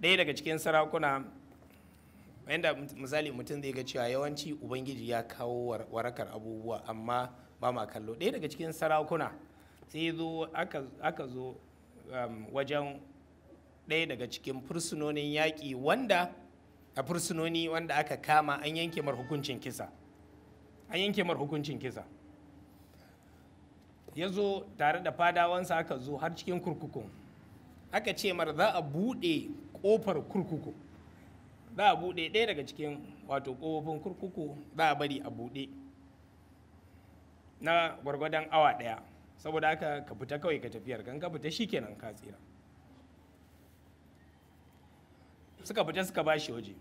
ɗaya daga cikin sarakuna yadda misali mutum zai ga cewa yawanci ubangiji ya kawo warakar abubuwa amma ba ma kallo ɗaya daga cikin sarakuna sai zo aka zo um, wajen ɗaya daga cikin fursunonin yaƙi wanda a fursunoni wanda aka kama an yanke mar hukuncin kisa an yanke mar hukuncin kisa ya zo tare da fadawansa aka zo har cikin kurkukun aka ce mar za a buɗe kofar kurkuku za a buɗe ɗaya daga cikin wato kofofin kurkuku za a bari a buɗe na gwargwadon awa ɗaya saboda haka ka fita kawai ka tafiyar kan ka fita shikenan ka tsira suka fita suka ba shi waje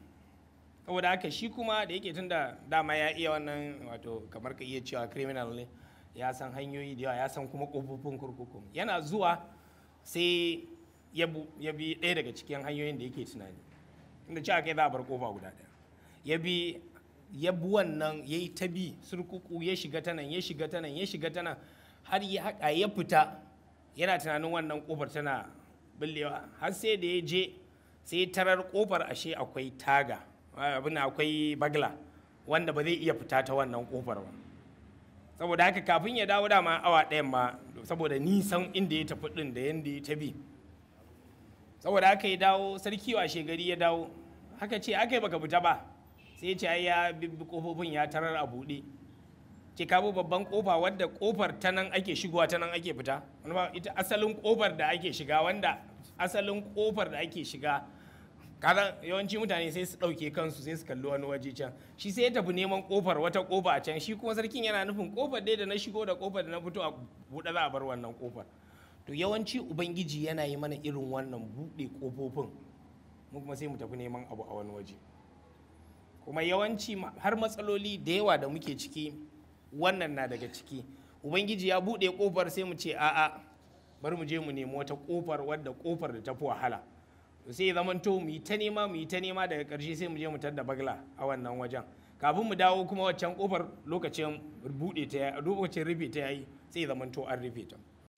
saboda haka shi kuma da yake da dama ya iya wannan wato kamar ka iya cewa criminal ne ya san hanyoyi da yawa ya san kuma kofofin kurkuku yana zuwa sai ya bi ɗaya daga cikin hanyoyin da yake tunani inda ci kai za a bar kofa guda ɗaya ya bi ya bi wannan ya yi ta bi surkuku ya shiga ta nan ya shiga ta nan ya shiga ta nan har ya haƙa ya fita yana tunanin wannan kofar tana billewa har sai da ya je sai tarar kofar ashe akwai taga abin akwai bagla wanda ba zai iya fita ta wannan kofar ba saboda haka kafin ya dawo dama awa ɗayan ma saboda nisan inda ya tafi ɗin da yanda ya tabi saboda aka yi dawo sarki wa shegari ya dawo haka ce aka yi baka fita ba sai ce ya bibbi kofofin ya tarar a buɗe ke kabo babban kofa wadda kofar ta nan ake shigowa ta nan ake fita ita asalin kofar da ake shiga wanda asalin kofar da ake shiga kada yawanci mutane sai su ɗauke kansu sai su kalli wani waje can shi sai ya tafi neman kofar wata kofa a can shi kuma sarkin yana nufin kofar dai da na shigo da kofar da na fito a buɗe za a bar wannan kofar to yawanci ubangiji yana yi mana irin wannan buɗe ƙofofin mu kuma sai mu tafi neman abu a wani waje kuma yawanci har matsaloli da yawa da muke ciki wannan na daga ciki ubangiji ya buɗe ƙofar sai mu ce a'a bar mu je mu nemi wata ƙofar wadda ƙofar da ta fi wahala To sai zamanto mu yi ta nema mu yi ta nema daga ƙarshe sai mu je mu tadda bagla a wannan wajen kafin mu dawo kuma waccan ƙofar lokacin buɗe ta lokacin rufe ta yayi sai zamanto an rufe ta